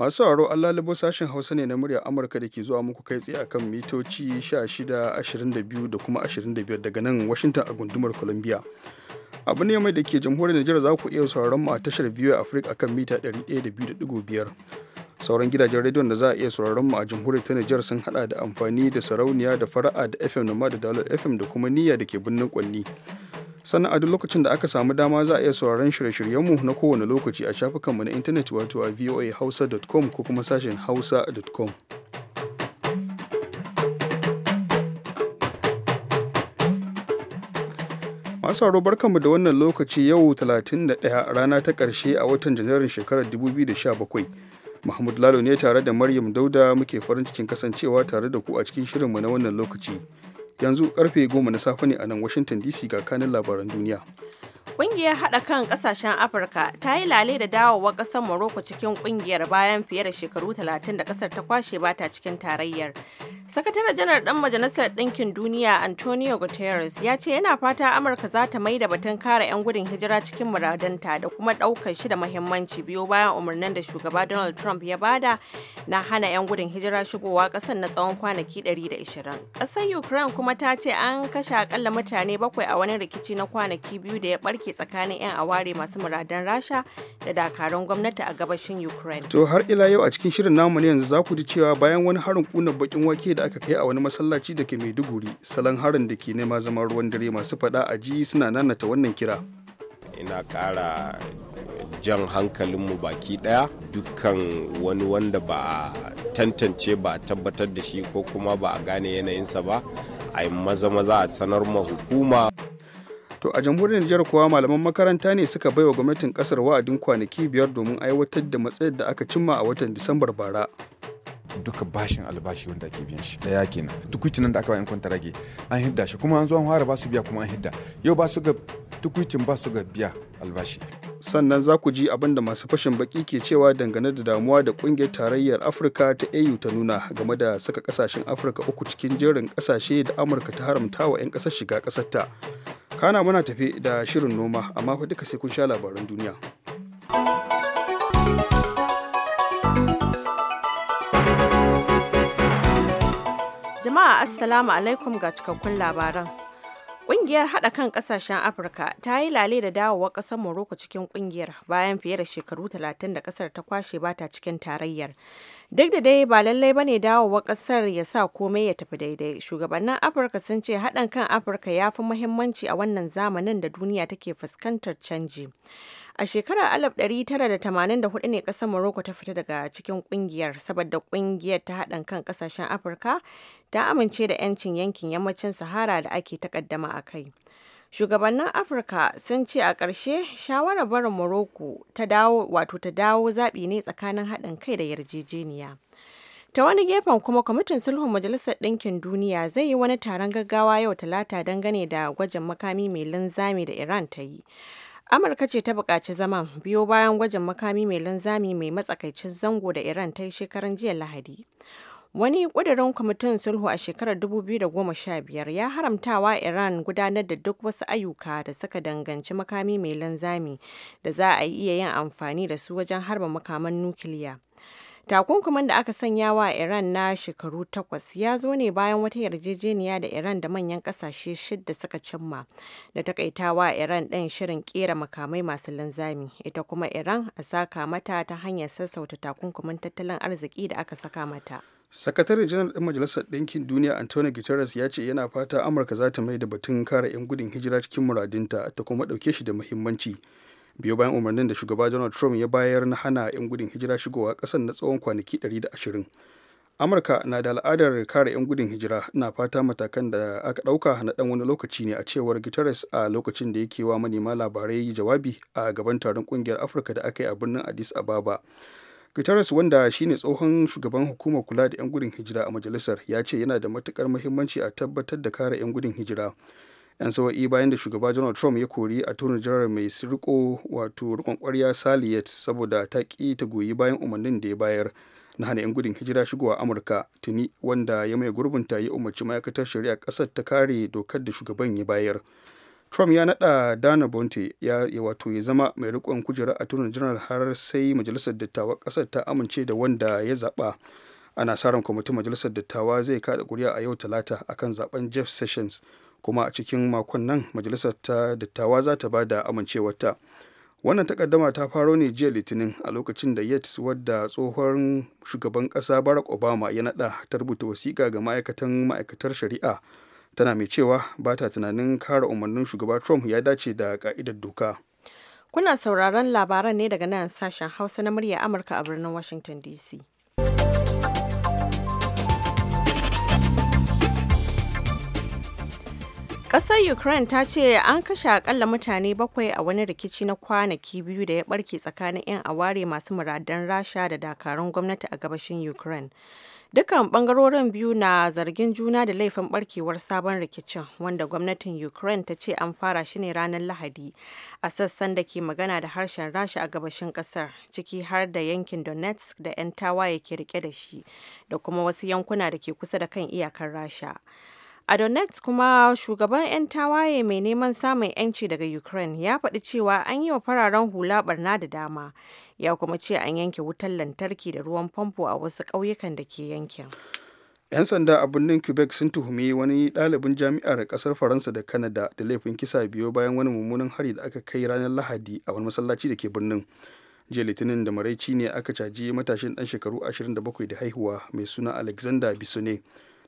masu sauraro an lalubo sashen hausa ne na murya amurka da ke zuwa muku kai tsaye akan mitoci 16 22 da kuma 25 daga nan washington a gundumar columbia abu ne mai da ke jamhuriyar Nijar za ku iya sauraron mu a tashar a Africa akan mita 102.5 sauran gidajen rediyon da za a iya sauraron mu a jamhuriyar ta Nijar sun hada da amfani da sarauniya da fara'a da FM da da dalar FM da kuma niyya da ke birnin Kwanni sannan a duk lokacin da aka samu dama za a iya sauraron shirye-shiryenmu na kowane lokaci a shafukanmu na intanet wato a voahausa.com ko kuma sashen hausa.com masu haro barkanmu da wannan lokaci yau 31 rana ta ƙarshe a watan janairun shekarar 2017 mahmud lalo ne tare da maryam dauda muke farin cikin kasancewa tare da ku a cikin shirinmu na wannan lokaci yanzu karfe goma na safe ne a nan washington dc ga kanin labaran duniya Ƙungiyar haɗa kan ƙasashen Afirka ta yi lale da dawowa ƙasar Morocco cikin ƙungiyar bayan fiye da shekaru 30 da ƙasar ta kwashe ba ta cikin tarayyar. Sakataren janar ɗan Majalisar Ɗinkin Duniya Antonio Guterres ya ce yana fata Amurka za ta mai da batun kare 'yan gudun hijira cikin muradanta da kuma ɗaukar shi da muhimmanci biyo bayan umarnin da shugaba Donald Trump ya bada na hana 'yan gudun hijira shigowa ƙasar na tsawon kwanaki 120. Ƙasar Ukraine kuma kuma ta ce an kashe akalla mutane bakwai a wani rikici na kwanaki biyu da ya barke tsakanin 'yan aware masu muradan rasha da dakarun gwamnati a gabashin ukraine to har ila yau a cikin shirin namu ne yanzu za ku ji cewa bayan wani harin kuna bakin wake da aka kai a wani masallaci da ke maiduguri salon harin da ke nema zama ruwan dare masu fada a ji suna nanata wannan kira ina kara jan hankalinmu baki daya dukkan wani wanda ba a tantance ba a tabbatar da shi ko kuma ba a gane yanayinsa ba a yi maza maza a sanar ma hukuma to a jamhuriyar Nijar kuwa malaman makaranta ne suka baiwa gwamnatin kasar wa'adin kwanaki biyar domin aiwatar da matsayar da aka cimma a watan disambar bara duka bashin albashi wanda ake biyan shi daya kenan tukuicin nan da aka bayan kwanta rage an hidda shi kuma an zo an fara ba su biya kuma an hidda yau ba su ga tukuicin ba su ga biya albashi sannan za ku ji abin da masu fashin baki ke cewa dangane da damuwa da kungiyar tarayyar afirka ta au ta nuna game da saka kasashen afirka uku cikin jerin kasashe da amurka ta haramta wa 'yan kasar shiga kasarta kana muna tafi da shirin noma amma fa duka sai kun sha labaran duniya jama'a assalamu alaikum ga cikakkun labaran Ƙungiyar haɗa kan ƙasashen Afirka ta yi lale da dawowa ƙasar Morocco cikin ƙungiyar bayan fiye da shekaru 30 da ƙasar ta kwashe ba ta cikin tarayyar. Duk da dai ba lallai bane dawowa ƙasar ya sa komai ya tafi daidai. Shugabannin Afirka sun ce haɗin kan Afirka ya fi muhimmanci a wannan zamanin da duniya take fuskantar canji. A shekarar 1984 ne ƙasar Morocco ta fita daga cikin ƙungiyar saboda ƙungiyar ta haɗin kan ƙasashen Afirka ta amince da 'yancin yankin yammacin Sahara da ake takaddama a kai. Shugabannin Afirka sun ce a ƙarshe shawarar barin Morocco ta dawo wato ta dawo zaɓi ne tsakanin haɗin kai da yarjejeniya. Ta wani gefen kuma kwamitin sulhun Majalisar Ɗinkin Duniya zai yi wani taron gaggawa yau Talata dangane da gwajin makami mai linzami da Iran ta yi. Amurka ce ta buƙaci zaman biyo bayan gwajin makami mai linzami mai matsakaicin zango da Iran ta yi shekaran jiya Lahadi. Wani ƙudurin kwamitin sulhu a shekarar 2015 ya haramtawa Iran gudanar da duk wasu ayyuka da suka danganci makami mai linzami da za a iya yin amfani da su wajen harba makaman nukiliya. takunkuman da aka sanya wa Iran na shekaru takwas ya zo ne bayan wata yarjejeniya da Iran da manyan kasashe shidda suka cimma da takaitawa Iran ɗin shirin kera makamai masu linzami, ita kuma Iran a saka mata ta hanyar sassauta takunkuman tattalin arziki da aka saka mata. Sakataren janar ɗin Majalisar Ɗinkin Duniya Antonio Guterres ya ce yana fata Amurka za ta mai da batun kare 'yan gudun hijira cikin muradinta ta kuma ɗauke shi da muhimmanci. biyo bayan umarnin da shugaba donald trump ya bayar na hana 'yan gudun hijira shigowa kasar na tsawon kwanaki 120 amurka na da al'adar kare 'yan gudun hijira na fata matakan da aka ɗauka na ɗan wani lokaci ne a cewar guterres a lokacin da yake wa manema labarai jawabi a gaban taron ƙungiyar afirka da aka yi a birnin addis ababa guterres wanda shine tsohon shugaban hukumar kula da 'yan gudun hijira a majalisar ya ce yana da matukar muhimmanci a tabbatar da kare 'yan gudun hijira 'yan sawa'i bayan da shugaba donald trump ya kori a turin jirar mai riko wato rikon kwarya saliyat saboda ta ki ta goyi bayan umarnin da ya bayar na hana 'yan gudun hijira shigowa amurka tuni wanda ya mai gurbinta ya umarci ma'aikatar shari'a kasar ta kare dokar da shugaban ya bayar trump ya nada dana bonte ya wato ya zama mai rikon kujera a turin jirar har sai majalisar dattawa kasar ta amince da wanda ya zaɓa ana sa ran kwamitin majalisar dattawa zai kada kuri'a a yau talata akan zaben jeff sessions kuma a cikin makon nan majalisar ta dattawa za ta ba da amincewarta wannan takaddama ta faro ne jiya litinin a lokacin da yates wadda tsohon shugaban kasa barack obama ya nada ta rubuta wasiƙa ga ma'aikatan ma'aikatar shari'a tana mai cewa ba ta tunanin kara umarnin shugaba trump ya dace da ka'idar doka kuna sauraron labaran ne daga nan sashen hausa na murya amurka a birnin washington dc Ƙasar Ukraine ta ce an kashe akalla mutane bakwai a wani rikici na kwanaki biyu da ya barke tsakanin 'yan aware masu muradan Rasha da dakarun gwamnati a gabashin Ukraine. Dukan bangarorin biyu na zargin juna da laifin barkewar sabon rikicin wanda gwamnatin Ukraine ta ce an fara shi ne ranar Lahadi a sassan da ke magana da harshen Rasha a gabashin kasar ciki har da yankin Donetsk da 'yan tawaye ke rike da shi da kuma wasu yankuna da ke kusa da kan iyakar Rasha. A Donetsk kuma, shugaban 'yan tawaye mai neman samun 'yanci daga Ukraine ya faɗi cewa an yi wa fararen hula barna da dama, ya kuma ce an yanke wutar lantarki da ruwan famfo a wasu ƙauyukan da ke yankin. 'Yan sanda a birnin Quebec sun tuhumi wani ɗalibin jami'ar ƙasar Faransa da Canada da laifin kisa biyo bayan wani mummunan hari da aka kai ranar Lahadi a wani masallaci da ke birnin. jiya litinin da maraici ne aka caji matashin ɗan shekaru 27 da haihuwa mai suna alexander bisone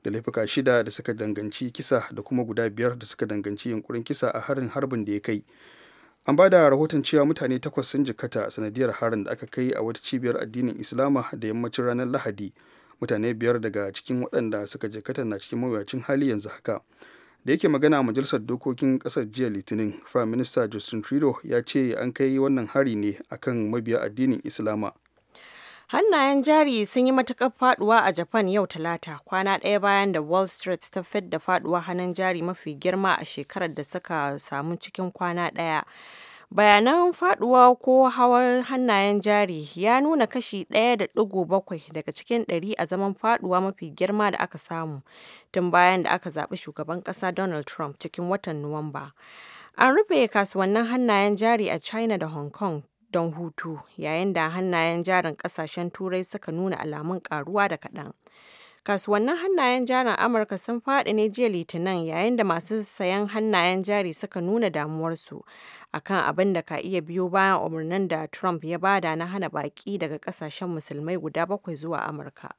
da laifuka shida da suka danganci kisa da kuma guda biyar da suka danganci yunkurin kisa a harin harbin da ya kai an ba da rahoton cewa mutane takwas sun jikata sanadiyar harin da aka kai a wata cibiyar addinin islama da yammacin ranar lahadi mutane biyar daga cikin waɗanda suka jikata na cikin mawuyacin hali yanzu haka da yake magana a majalisar dokokin ƙasar jiya litinin prime minister justin trudeau ya ce an kai wannan hari ne akan mabiya addinin islama Hannayen jari sun yi matukar faduwa a Japan yau Talata, kwana ɗaya bayan da Wall Street ta da faduwa hannun jari mafi girma a shekarar da suka samu cikin kwana ɗaya. Bayanan faduwa ko hawan hannayen jari ya nuna kashi ɗaya da bakwai daga cikin ɗari a zaman faduwa mafi girma da aka samu tun bayan da aka zaɓi shugaban ƙasa Donald Trump cikin watan Nuwamba. An rufe kasuwannin hannayen jari a China da Hong Kong don hutu yayin da hannayen jarin kasashen turai suka nuna alamun karuwa da kaɗan. Kasuwannin hannayen jarin Amurka sun faɗi ne jiya Litinin yayin da masu sayan hannayen jari suka nuna damuwarsu akan abin da ka iya biyo bayan umarnin da Trump ya bada na hana baƙi daga kasashen musulmai guda bakwai zuwa Amurka.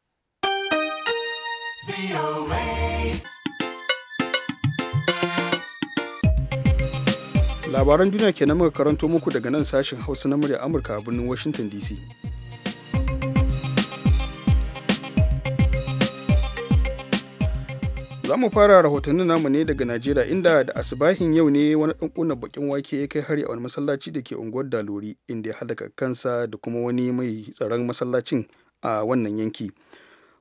labaran duniya kenan muka karanto muku daga nan sashen hausa na murya amurka a birnin washington dc za mu fara rahotannin namu ne daga najeriya inda da asibahin yau ne wani dan kunna bakin wake ya kai hari a wani masallaci da ke unguwar dalori inda ya halaka kansa da kuma wani mai tsaron masallacin a wannan yanki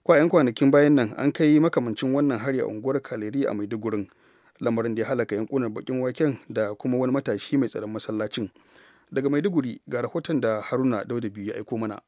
kwayan kwanakin bayan nan an kai makamancin wannan hari a unguwar kaleri a maidugurin lamarin da ya halaka yankunan bakin waken da kuma wani matashi mai tsaron masallacin daga maiduguri ga rahoton da haruna dauda biyu ya aiko mana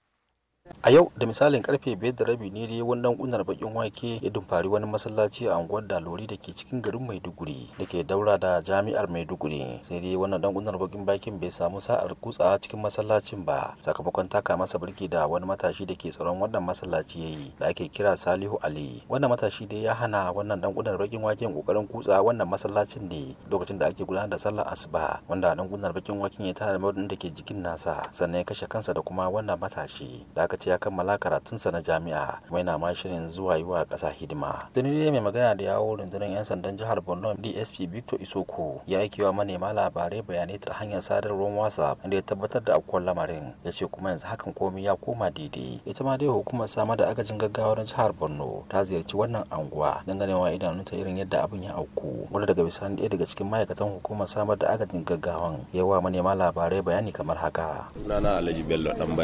a yau da misalin karfe biyar da rabi ne dai wannan kunar bakin wake ya dumfari wani masallaci a unguwar dalori da ke cikin garin maiduguri da ke daura da jami'ar maiduguri sai dai wannan dan kunar bakin bakin bai samu sa'ar kutsa cikin masallacin ba sakamakon taka masa birki da wani matashi da ke tsaron wannan masallaci yayi da ake kira salihu ali wannan matashi dai ya hana wannan dan kunar bakin waken kokarin kutsa wannan masallacin ne lokacin da ake gudanar da sallar asuba wanda dan kunar bakin waken ya tara da ke jikin nasa sannan ya kashe kansa da kuma wannan matashi da aka ya kammala karatun sa na jami'a kuma yana ma shirin zuwa yi wa ƙasa hidima ne mai magana da yawo rundunar 'yan sandan jihar borno dsp victor isoko ya aiki wa manema labarai bayanai ta hanyar sadarwar whatsapp inda ya tabbatar da akwai lamarin ya ce kuma yanzu hakan komai ya koma daidai ita ma dai hukumar sama da agajin gaggawa na jihar borno ta ziyarci wannan anguwa don idanu ta irin yadda abin ya auku wanda daga bisani ɗaya daga cikin ma'aikatan hukumar samar da agajin gaggawan yawa manema labarai bayani kamar haka sunana alhaji bello dan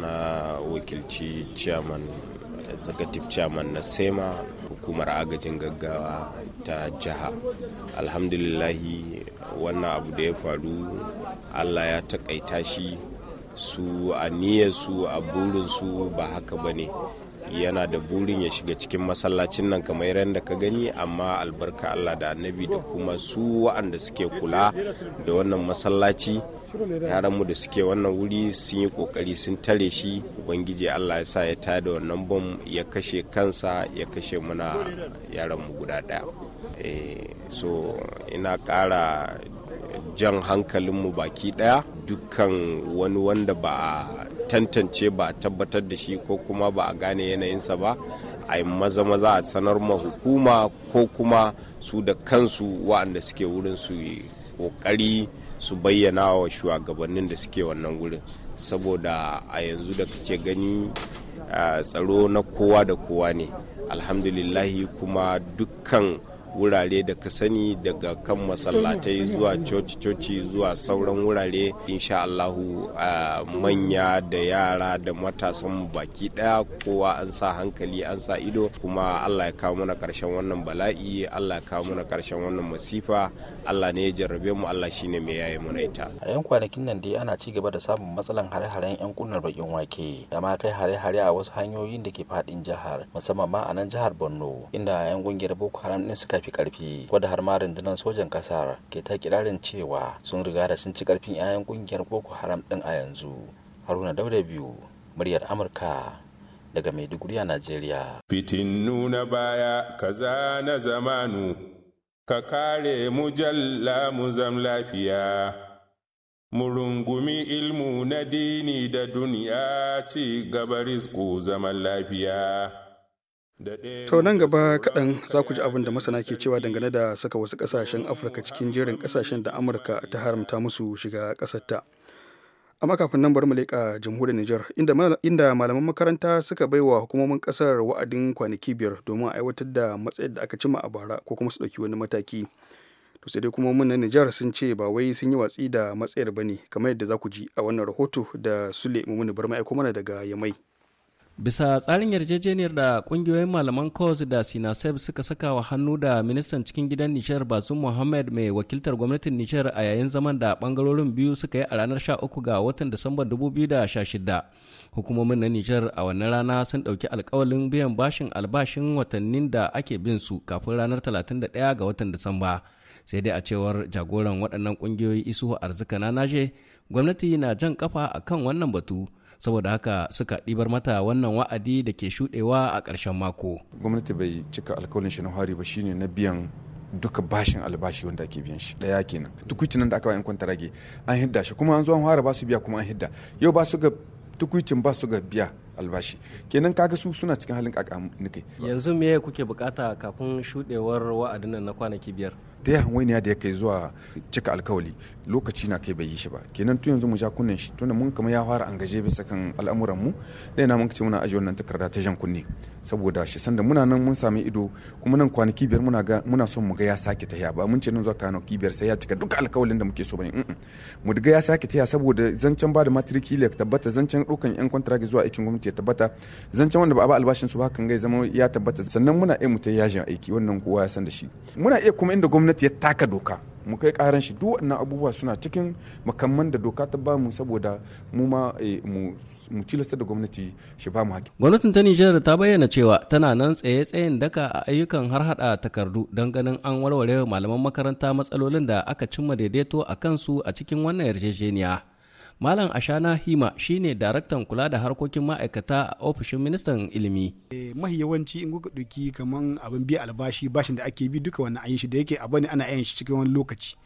na na wakilci chairman executive chairman na sema hukumar agajin gaggawa ta jiha alhamdulillahi wannan abu da ya faru allah ya takaita shi su a su a burinsu ba haka ba ne yana da burin ya shiga cikin masallacin nan kamar da ka gani amma albarka allah da annabi da kuma su wa'anda suke kula da wannan masallaci Yaran mu da suke wannan wuri sun yi kokari sun tare shi ubangiji allah ya sa ya tada wannan bom ya kashe kansa ya kashe muna mu guda daya eh, so ina kara jan hankalinmu baki daya dukkan wani wanda ba a tantance ba a tabbatar da shi ko kuma ba a gane yanayinsa ba a yi maza maza a sanar ma hukuma ko kuma su da kansu waɗanda suke wurin su yi ƙoƙari su bayyana wa shugabannin da suke wannan wurin saboda a yanzu da kake gani ah, tsaro na kowa da kowa ne alhamdulillahi kuma dukkan wurare da ka sani daga kan masallatai zuwa coci-coci zuwa sauran wurare insha Allahu manya da yara da matasan baki daya kowa an sa hankali an sa ido kuma Allah ya kawo mana karshen wannan bala'i Allah ya kawo mana karshen wannan masifa Allah ne ya jarrabe mu Allah shine mai yaye mana ita a yan kwanakin nan dai ana ci gaba da samun matsalan hare-haren yan kunnar bakin wake da ma kai hare-hare a wasu hanyoyin da ke fadin jihar musamman ma a nan jihar Borno inda yan gungiyar Boko Haram ne suka fi karfi wadda har ma rundunar sojan kasar ke ta kirarin cewa sun riga da sun ci karfin 'ya'yan kungiyar boko haram din a yanzu haruna dauda biyu muryar amurka daga maiduguri a najeriya fitin nuna baya kaza na zamanu ka kare mu jalla mu zam lafiya mu rungumi ilmu na dini da duniya ci gaba risku zaman lafiya To nan gaba kaɗan za ku ji abin da masana ke cewa dangane da saka wasu ƙasashen Afirka cikin jerin ƙasashen da Amurka ta haramta musu shiga ƙasarta. Amma kafin nan bari mu leƙa jamhuriyar Nijar inda malaman makaranta suka baiwa hukumomin ƙasar wa'adin kwanaki biyar domin a aiwatar da matsayar da aka cima a bara ko kuma su ɗauki wani mataki. To sai dai kuma mun na Nijar sun ce ba wai sun yi watsi da matsayar ba ne kamar yadda za ku ji a wannan rahoto da Sule Mumuni bar aiko mana daga Yamai. bisa tsarin yarjejeniyar da kungiyoyin malaman cos da sinasef suka saka wa hannu da ministan cikin gidan nishar bazum muhammad mai wakiltar gwamnatin nishar a yayin zaman da bangarorin biyu suka yi a ranar 13 ga watan disamba 2016 hukumomin na nishar a wannan rana sun dauki alkawalin biyan bashin albashin watannin da ake bin su kafin ranar 31 ga watan disamba sai dai a cewar jagoran waɗannan kungiyoyi isu arzika na naje gwamnati na jan kafa akan wannan batu saboda haka suka ɗibar mata wannan wa'adi da ke shuɗewa a ƙarshen mako gwamnati bai cika alkawalin shi na hari ba shine na biyan duka bashin albashi wanda ake biyan shi ɗaya kenan tukuicin nan da aka ba yan kwantarage an hidda shi kuma an zo an fara ba su biya kuma an hidda yau ba su ga tukuicin ba su ga biya albashi kenan kaga su suna cikin halin kaka nake yanzu me kuke bukata kafin shudewar wa'adin nan na kwanaki biyar ta hanwai ne da ya kai zuwa cika alkawali lokaci na kai bai yi shi ba kenan tun yanzu mu ja kunnen shi tunda mun kama ya fara angaje bisa kan al'amuran mu da na mun ce muna ajiye wannan takarda ta jan kunne saboda shi sanda muna nan mun sami ido kuma nan kwanaki biyar muna ga muna son mu ga ya sake tahiya ba mun ce nan zuwa kano kibiyar sai ya cika duka alkawalin da muke so bane mu ga ya sake tahiya saboda zancen ba da matriki ya tabbata zancen dukan yan kwantara zuwa aikin gwamnati ya tabbata zancen wanda ba a ba albashin su ba kan gai zama ya tabbata sannan muna iya mu ta yajin aiki wannan kowa ya san da shi muna iya kuma inda gwamnati gwamnati ya taka doka mu kai karan shi duk wannan abubuwa suna cikin makamman da doka ta bamu saboda mu ma eh, mu tilasta da gwamnati shi bamu haƙƙi. Gwamnatin ta Nijar ta bayyana cewa tana nan tsaye tsayin daka a ayyukan har hada takardu don ganin an warware malaman makaranta matsalolin da aka cimma daidaito a kansu a cikin wannan yarjejeniya. Malam Ashana Hima shine daraktan kula da harkokin ma'aikata a ofishin ministan ilimi. Eh, mahi yawanci in kuka ɗauki kaman abin biya albashi bashin da ake bi duka wannan ayin yi shi da yake abu ana yin shi cikin wani lokaci.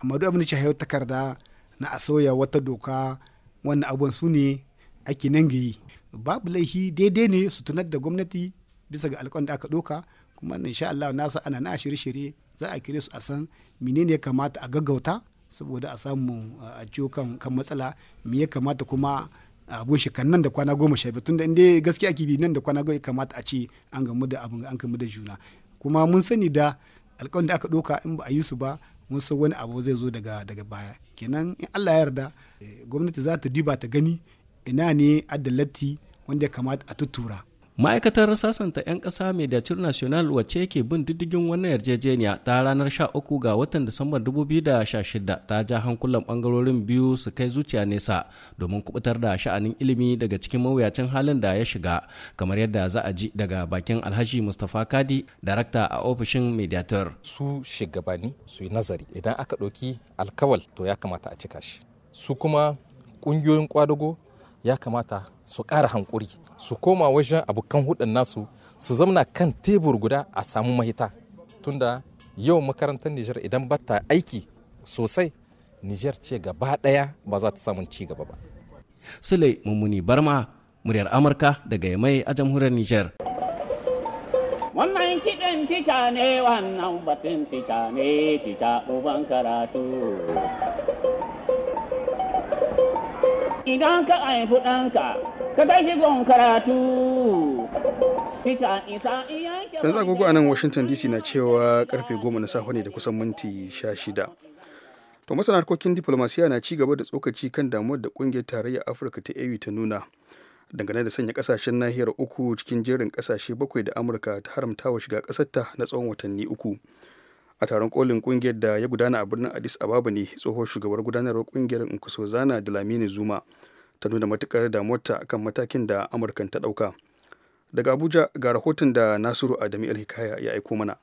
Amma duk abin da shi takarda na a sauya wata doka wannan abun su ne ake nan gayi. Babu laifi daidai ne su tunar da gwamnati bisa ga alƙawarin da aka ɗauka kuma insha Allah nasa ana na shirye-shirye za a kire su a san menene ya kamata a gaggauta saboda a samu a ciwo kan matsala me ya kamata kuma abun shi nan da kwana goma sha tunda inda gaskiya ake bi nan da kwana goma kamata a ce an gamu da abin an kamu da juna kuma mun sani da alƙawarin da aka ɗauka in ba a yi su ba mun san wani abu zai zo daga daga baya kenan in Allah ya yarda eh, gwamnati za ta duba ta gani ina ne adalati wanda ya kamata a tuttura ma'aikatar sasanta 'yan ƙasa mediatur national wacce ke bin diddigin wannan yarjejeniya ta ranar 13 ga watan disambar 2016 ta ja hankulan bangarorin biyu su kai zuciya nesa domin kubutar da sha'anin ilimi daga cikin mawuyacin halin da ya shiga kamar yadda za a ji daga bakin alhaji mustapha kadi darakta a ofishin mediatur su shugabanni su yi nazari idan aka ɗauki alkawal to ya kamata a cika shi su kuma ƙungiyoyin kwadago ya kamata su ƙara hankuri su koma wajen abokan hudun nasu su zamna kan tebur guda a samu mahita tunda yau makarantar Nijar idan ba ta aiki sosai Nijar ce gaba ɗaya ba za ta samun ci gaba ba. Sule Mummuni Barma muryar Amurka daga Yamai a jamhuriyar Nijar. Wannan kiɗin tica ne wannan batun tica ne tica uban karatu. Idan ka aifi ɗanka da za a nan washington dc na cewa karfe goma na safe ne da kusan minti sha shida to masana harkokin diplomasiya na ci gaba da tsokaci kan damuwar da kungiyar tarayyar afirka ta au ta nuna dangane da sanya kasashen nahiyar uku cikin jerin kasashe bakwai da amurka ta haramta wa shiga kasarta na tsawon watanni uku a taron kolin kungiyar da ya gudana a birnin addis ababa ne tsohon shugabar gudanarwar kungiyar nkosazana lamini zuma ta nuna matukar damuwarta kan matakin da amurkan ta ɗauka daga abuja ga rahoton da nasiru adami alhikaya ya aiko mana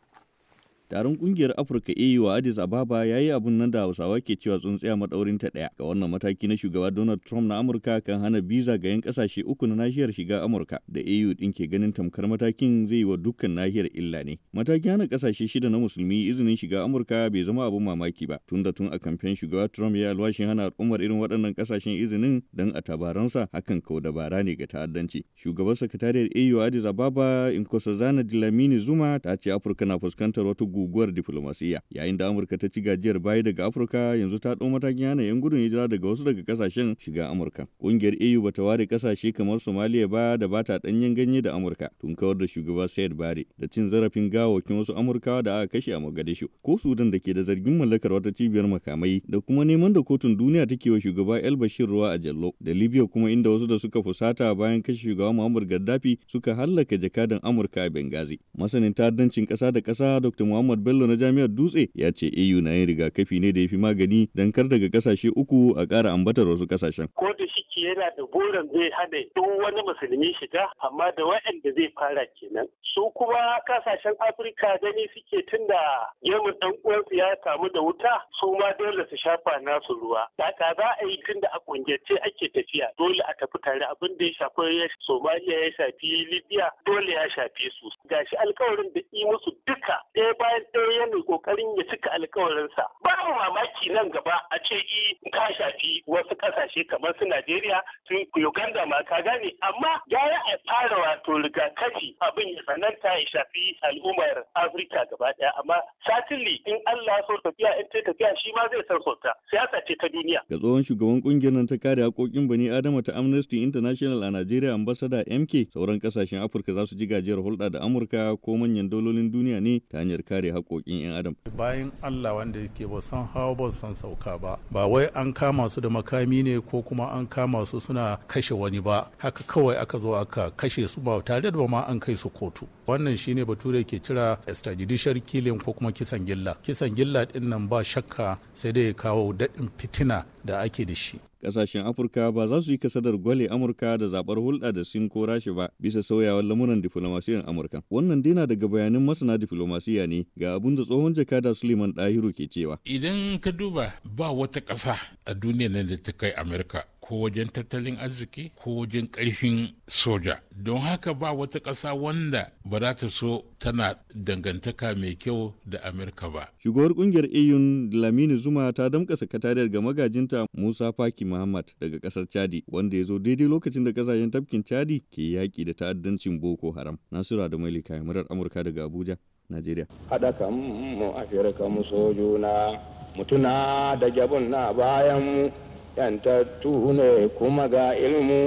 Taron kungiyar Afirka AU a Addis Ababa ya yi abun nan da Hausawa ke cewa tsuntsiya maɗaurin ta ɗaya. Ga wannan mataki na shugaba Donald Trump na Amurka kan hana biza ga 'yan kasashe uku na nahiyar shiga Amurka da AU din ke ganin tamkar matakin zai yi wa dukkan nahiyar illa ne. Matakin hana kasashe shida na musulmi izinin shiga Amurka bai zama abun mamaki ba tun da tun a kamfen shugaba Trump ya alwashin hana al'ummar irin waɗannan kasashen izinin don a tabaransa hakan kau dabara ne ga ta'addanci. Shugaban sakatariyar AU a Addis Ababa inkosazana dilamini Zuma ta ce Afirka na fuskantar wata guguwar diflomasiyya yayin da amurka ta ci gajiyar baya daga afirka yanzu ta ɗau matakin hana 'yan gudun hijira daga wasu daga kasashen shiga amurka ƙungiyar eu bata ware kasashe kamar somaliya ba da bata ɗanyen ganye da amurka tun kawar da shugaba sayed bare da cin zarafin gawakin wasu amurkawa da aka kashe a mogadishu ko sudan da ke da zargin mallakar wata cibiyar makamai da kuma neman da kotun duniya take wa shugaba el bashir ruwa a jallo da libya kuma inda wasu da suka fusata bayan kashe shugaba muhammad gaddafi suka hallaka jakadan amurka a bengazi masanin ta'addancin ƙasa da kasa dr muhammad Muhammad Bello na Jami'ar Dutse ya ce AU na yin rigakafi ne da ya fi magani don kar daga kasashe uku a ƙara ambatar wasu kasashen. Ko da shi musulunci yana da goron zai hana duk wani musulmi shiga amma da waɗanda zai fara kenan su kuma kasashen afirka gani suke tun da gemun dan uwansu ya samu da wuta su ma dole su shafa nasu ruwa haka za a yi tun da a kungiyarce ake tafiya dole a tafi tare abin da ya shafi somaliya ya shafi libya dole ya shafi su gashi alkawarin da yi musu duka ɗaya bayan ɗaya yana kokarin ya cika alkawarinsa babu mamaki nan gaba a ce i ka shafi wasu kasashe kamar su najeriya Najeriya sun Uganda ma ka gane amma gara a fara wato rigakafi abin ya sananta ya shafi al'ummar Afirka gaba daya amma satinli in Allah so tafiya in ta tafiya shi ma zai san sauta siyasa ce ta duniya. Ga tsohon shugaban kungiyar nan ta kare haƙoƙin bani Adama ta Amnesty International a Najeriya ambasada MK sauran kasashen Afirka za su ji gajiyar hulɗa da Amurka ko manyan dalolin duniya ne ta hanyar kare haƙoƙin 'yan Adam. Bayan Allah wanda yake ba san hawa ba san sauka ba ba wai an kama su da makami ne ko kuma an kama kama suna kashe wani ba haka kawai aka zo aka kashe su ba tare da ma an kai su kotu wannan shine bature ke kira extrajudicial killing ko kuma kisan gilla kisan gilla din nan ba shakka sai dai ya kawo daɗin fitina da ake da shi kasashen afirka ba za su yi kasadar gwale amurka da zabar hulɗa da sin ko rashi ba bisa sauyawar lamuran diflomasiyan amurka wannan dina daga bayanin masana diflomasiyya ne ga abin da tsohon jakada suleiman dahiru ke cewa idan ka duba ba wata ƙasa a duniya nan da ta kai amurka ko wajen tattalin arziki ko wajen ƙarfin soja don haka ba wata ƙasa wanda ba za ta so tana dangantaka mai kyau da amurka ba shugabar kungiyar iyun lamini zuma ta damƙa sakatariyar ga magajinta musa faki muhammad daga ƙasar chadi wanda ya zo daidai lokacin da ƙasashen tafkin chadi ke yaƙi da ta'addancin boko haram nasura da mailika murar amurka daga abuja najeriya haɗa kan mu afirka mu sojuna mutuna da jabun na bayan mu yantattu ne kuma ga ilmu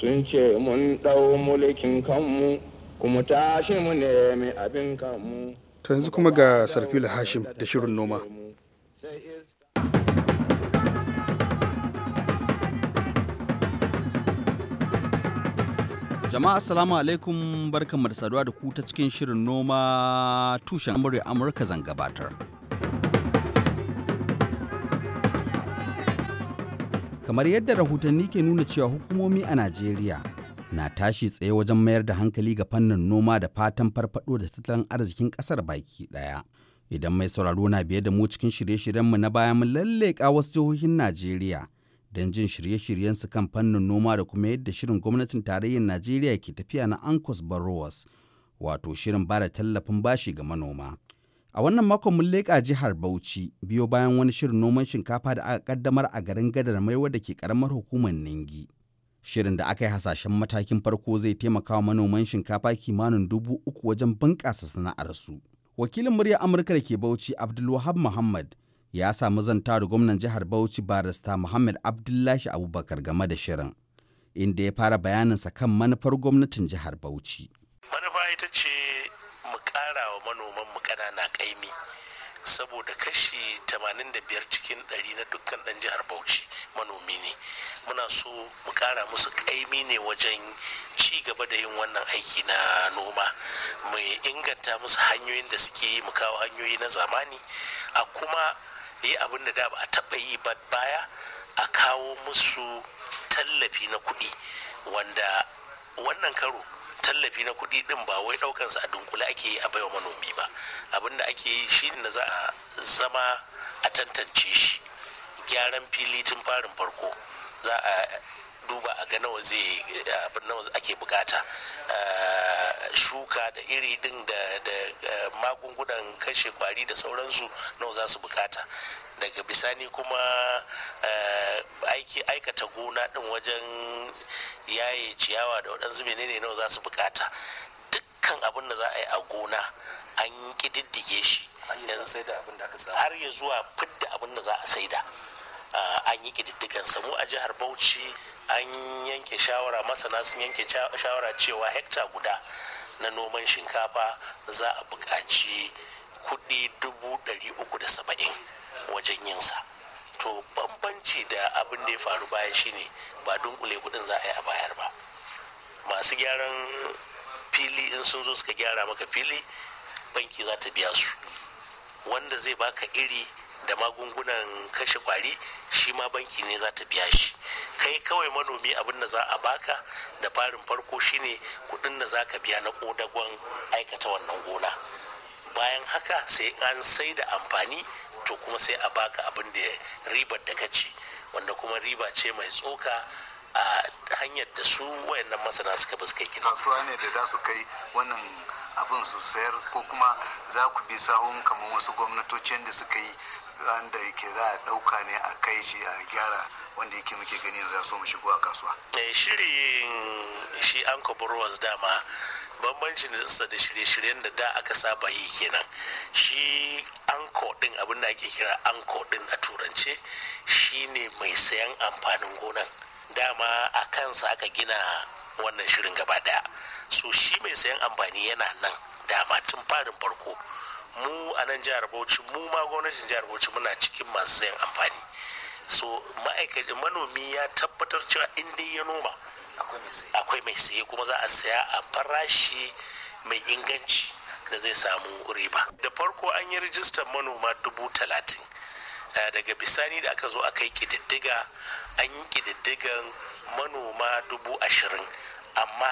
sun ce mun ɗau mulkin kanmu kuma tashi mu ne abin kanmu. To yanzu kuma ga Sarfila Hashim da shirin noma. Jama'a assalamu alaikum barkan da saduwa da ku ta cikin shirin noma tushen amurka zan gabatar. kamar yadda rahotanni ke nuna cewa hukumomi a najeriya na tashi tsaye wajen mayar da hankali ga fannin noma da fatan farfado da tattalin arzikin kasar baki daya idan mai sauraro na biye da mu cikin shirye-shiryenmu na baya mun lalleka wasu jihohin najeriya don jin shirye su kan fannin noma da kuma yadda shirin gwamnatin tarayyar najeriya ke tafiya na ankos barowas wato shirin bada tallafin bashi ga manoma A wannan makon mun leƙa jihar Bauchi biyo bayan wani shirin noman shinkafa da aka kaddamar a garin gadar maiwa da ke karamar hukumar Ningi. Shirin da aka yi hasashen matakin farko zai taimaka wa manoman shinkafa kimanin dubu uku wajen bunƙasa sana'arsu. Wakilin murya Amurka da ke Bauchi Abdulwahab Muhammad ya samu zanta da gwamnan jihar Bauchi barista Muhammad Abdullahi Abubakar game da shirin, inda ya fara bayaninsa kan manufar gwamnatin jihar Bauchi. ƙara wa manoman mu ƙanana ƙaimi saboda kashi 85 cikin 100 na dukkan ɗan jihar bauchi manomi ne muna so mu ƙara musu ƙaimi ne wajen ci gaba da yin wannan aiki na noma mu inganta musu hanyoyin da suke yi mu kawo hanyoyi na zamani a kuma yi abin da da ba a taɓa yi ba baya a kawo musu tallafi na kuɗi wanda wannan karo tallafi na kuɗi ɗin ba wai ɗaukan ɗaukansa a dunkule ake yi a baiwa manomi ba abin da ake yi shi ne za a zama a tantance shi gyaran fili tun farin farko za a duba a ga nawa zai abin nawa ake bukata eh, shuka da iri din da eh, magungunan kashe kwari da sauransu nawa za su bukata daga bisani kuma eh, ke aikata gona din wajen yaye ciyawa da waɗansu menene nawa za su bukata dukkan abin da za a yi a gona an ƙididdige shi har ya zuwa fidda abin da za a saida an yi ƙididdigan samu a jihar bauchi an yanke shawara masana sun yanke shawara cewa hekta guda na noman shinkafa za a buƙaci kuɗi dubu ɗari uku da saba'in wajen yinsa to bambanci da abin da ya faru baya shine ba dunkule kudin za a yi a bayar ba masu gyaran fili in sun zo suka gyara maka fili banki za ta biya su wanda zai baka iri da magungunan kashe kwari shi ma banki ne za ta biya shi kai kawai manomi abin da za a baka da farin farko shine kudin da za ka biya na kodagon aikata wannan gona bayan haka sai an sai da amfani to kuma sai a baka abin da ribar da ka ci wanda kuma riba ce mai tsoka a hanyar da su wayannan masana suka ba suka gina kasuwa ne da za su kai wannan abin su sayar ko kuma za ku bi sahun kamar wasu gwamnatocin da suka yi wanda yake za a ɗauka ne a kai shi a gyara wanda yake muke gani za su mu shigo a kasuwa. Eh, shirin shi an dama bambancin sa da shirye-shiryen da da aka saba yi kenan shi anko din abin da ake kira anko din a turance shine mai sayan amfanin gonan dama a kansa aka gina wannan shirin gaba daya so shi mai sayan amfani yana nan dama tun farin farko mu a nan jihar bauchi mu ma gwamnatin jihar bauchi muna cikin masu sayan amfani so manomi ya tabbatar cewa in ya noma akwai mai saye kuma za a saya a farashi mai inganci da zai samu riba da farko an yi rijistar manoma dubu talatin eh, daga bisani da aka zo a kai kididdiga an yi kididdigan manoma dubu ashirin amma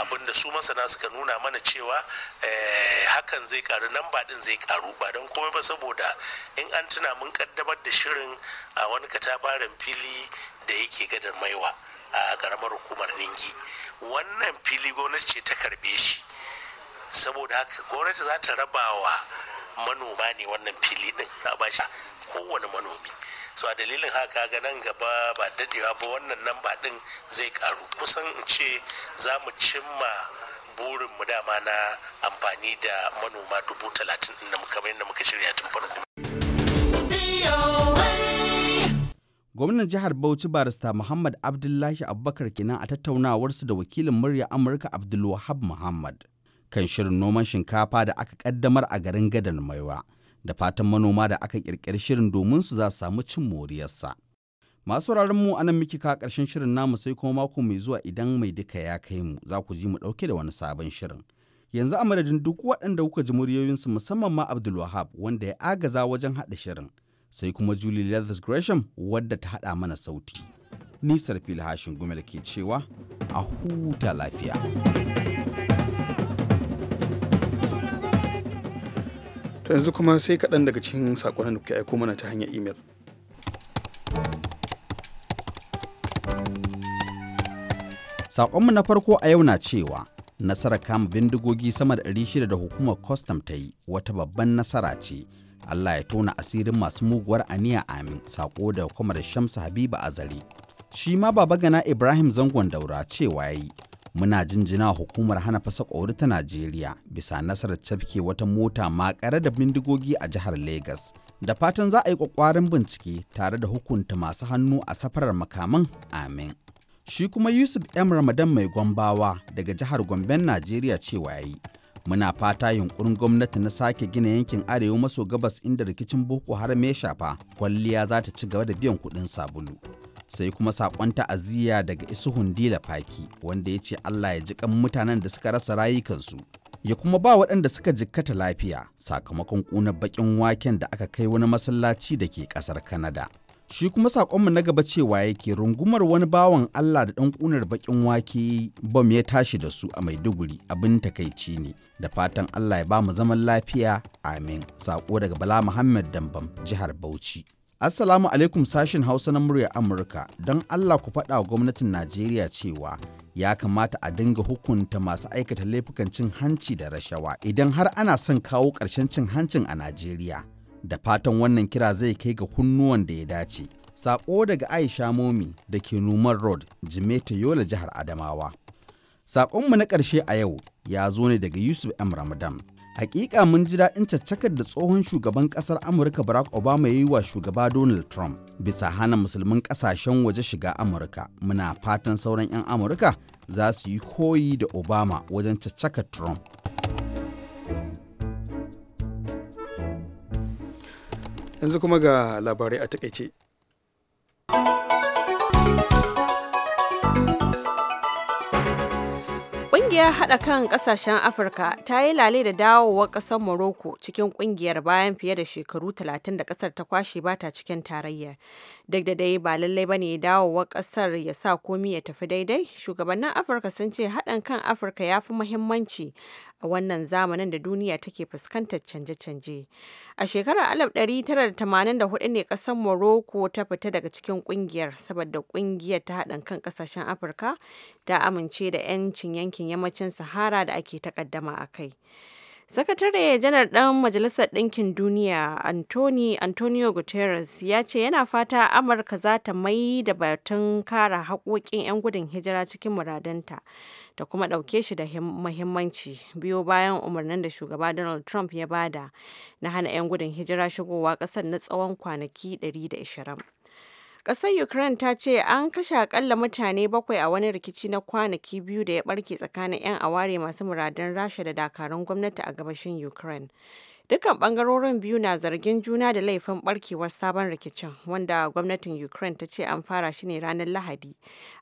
abinda su masana suka nuna mana cewa eh, hakan zai karu nan ba din zai karu ba don komai ba saboda in an tuna mun kaddamar da shirin a wani katafaren fili da yake gadar maiwa a karamar hukumar ningi wannan fili gwamnati ce ta karbe shi saboda haka gwamnati za ta raba wa manoma ne wannan fili din a bashi kowane manomi so a dalilin haka ga nan gaba ba dadewa ba wannan nan ba din zai karu kusan in ce za mu cimma burinmu dama na amfani da manoma dubu talatin da muka bayan da muka shirya tun farko gwamnan jihar bauchi barista muhammad abdullahi abubakar kenan a tattaunawarsu da wakilin murya amurka abdulwahab muhammad kan shirin noman shinkafa da aka kaddamar a garin gadan maiwa da fatan manoma da aka kirkiri shirin domin su za su samu cin moriyarsa masu mu anan miki ka karshen shirin namu sai kuma mako mai zuwa idan mai duka ya kai mu za ku ji mu dauke da wani sabon shirin yanzu a madadin duk waɗanda kuka ji muryoyinsu musamman ma abdulwahab wanda ya agaza wajen haɗa shirin sai kuma Julie Leathers Gresham wadda ta haɗa mana sauti. Nisar hashin gumel ke cewa a huta lafiya. yanzu kuma sai kaɗan daga cikin saƙonan da kuke aiko mana ta hanyar imel. Saƙonmu na farko a yau na cewa nasarar kama bindigogi sama da 600 da hukumar kwastam ta yi wata babban nasara ce Allah ya tona asirin masu muguwar aniya amin sako da kwamar Shamsu Habiba a zari. Shi ma baba gana Ibrahim zangon daura cewa yi muna jinjina hukumar hana fasa ƙori ta Najeriya bisa nasarar cafke wata mota makare da bindigogi a jihar Legas. Da fatan za a yi ƙwaƙwarin bincike tare da hukunta masu hannu a safarar makaman amin. Shi kuma Yusuf M. Ramadan mai gwambawa daga jihar Gomben Najeriya cewa yi muna fata yunkurin gwamnati na sake gina yankin arewa maso gabas inda rikicin boko haram ya shafa kwalliya za ta ci gaba da biyan kuɗin sabulu sai kuma saƙon ta'aziyya daga isuhun dila faki wanda ya ce allah ya ji kan mutanen da suka rasa rayukansu ya kuma ba waɗanda suka jikkata lafiya sakamakon ƙunar baƙin waken da aka kai wani masallaci da ke ƙasar kanada Shi kuma saƙonmu na gaba cewa yake rungumar wani bawan Allah da ɗan ƙunar baƙin wake bam ya tashi da su a Maiduguri abin takaici ne. Da fatan Allah ya ba mu zaman lafiya, amin. Saƙo daga Bala Muhammad Dambam, jihar Bauchi. Assalamu alaikum sashin Hausa na murya Amurka don Allah ku faɗa wa gwamnatin Najeriya cewa ya kamata a dinga hukunta masu aikata laifukan cin hanci da rashawa idan har ana son kawo ƙarshen cin hancin a Najeriya. da fatan wannan kira zai kai ga kunnuwan da ya dace. Saƙo daga Aisha Momi da ke Numan Road, Jimeta Yola jihar Adamawa. Saƙonmu na ƙarshe a yau ya zo ne daga Yusuf M. Ramadan. Hakika mun ji daɗin caccakar da tsohon shugaban ƙasar Amurka Barack Obama ya yi wa shugaba Donald Trump bisa hana musulmin ƙasashen waje shiga Amurka. Muna fatan sauran 'yan Amurka za su yi koyi da Obama wajen caccakar Trump. yanzu kuma ga labarai a takaice Ƙungiyar haɗa kan ƙasashen Afirka ta yi lale da dawowa ƙasar Morocco cikin ƙungiyar bayan fiye da shekaru 30 da ƙasar ta kwashe bata cikin tarayyar. Duk da dai ba lallai ba ne dawowa ƙasar ya sa komi ya tafi daidai, shugabannin Afirka sun ce haɗin kan Afirka ya fi muhimmanci a wannan zamanin da duniya take fuskantar canje-canje. A shekarar 1984 ne ƙasar Morocco ta fita daga cikin ƙungiyar saboda ƙungiyar ta haɗin kan ƙasashen Afirka ta amince da 'yancin yankin yammacin Sahara da ake takaddama a kai. Sakatare janar ɗan Majalisar Ɗinkin Duniya Anthony Antonio Guterres ya ce yana fata Amurka za ta mai da batun kara haƙoƙin 'yan gudun hijira cikin muradanta. ta kuma ɗauke shi da muhimmanci biyo bayan umarnin da shugaba Donald Trump ya bada na hana 'yan gudun hijira shigowa ƙasar na tsawon kwanaki 120. Ƙasar Ukraine ta ce an kashe akalla mutane bakwai a wani rikici na kwanaki biyu da ya barke tsakanin 'yan aware masu muradun Rasha da dakarun gwamnati a gabashin Ukraine. Dukkan bangarorin biyu na zargin juna da laifin barkewar sabon rikicin wanda gwamnatin Ukraine ta ce an fara shi ne ranar Lahadi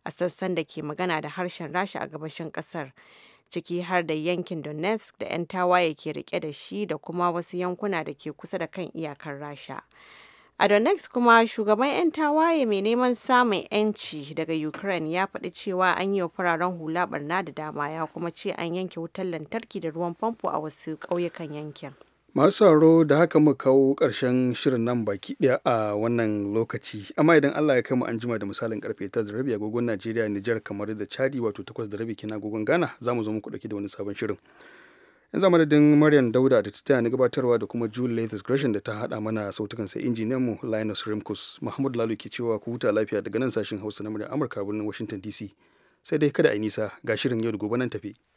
a sassan da ke magana da harshen Rasha a gabashin kasar. ciki har da yankin Donetsk da 'yan tawaye ke rike da shi da kuma wasu yankuna da ke kusa da kan iyakar Rasha. A Donetsk kuma shugaban 'yan tawaye mai neman samun 'yanci daga Ukraine ya faɗi cewa an yi wa fararen hula barna da dama ya kuma ce an yanke wutar lantarki da ruwan famfo a wasu ƙauyukan yankin. masu tsaro da haka mu kawo ƙarshen shirin nan baki ɗaya a wannan lokaci amma idan allah ya kai mu an jima da misalin karfe ta da rabi agogon najeriya nijar kamar da chadi wato takwas da rabi kina agogon ghana za mu zo muku ɗauki da wani sabon shirin yanzu madadin maryam dauda da ta na gabatarwa da kuma jule lathis gresham da ta haɗa mana sautukan sai injiniyan mu linus rimkus mahmud lalu ke cewa ku huta lafiya daga nan sashen hausa na muryar amurka birnin washington dc sai dai kada a yi nisa ga shirin yau da gobe nan tafi.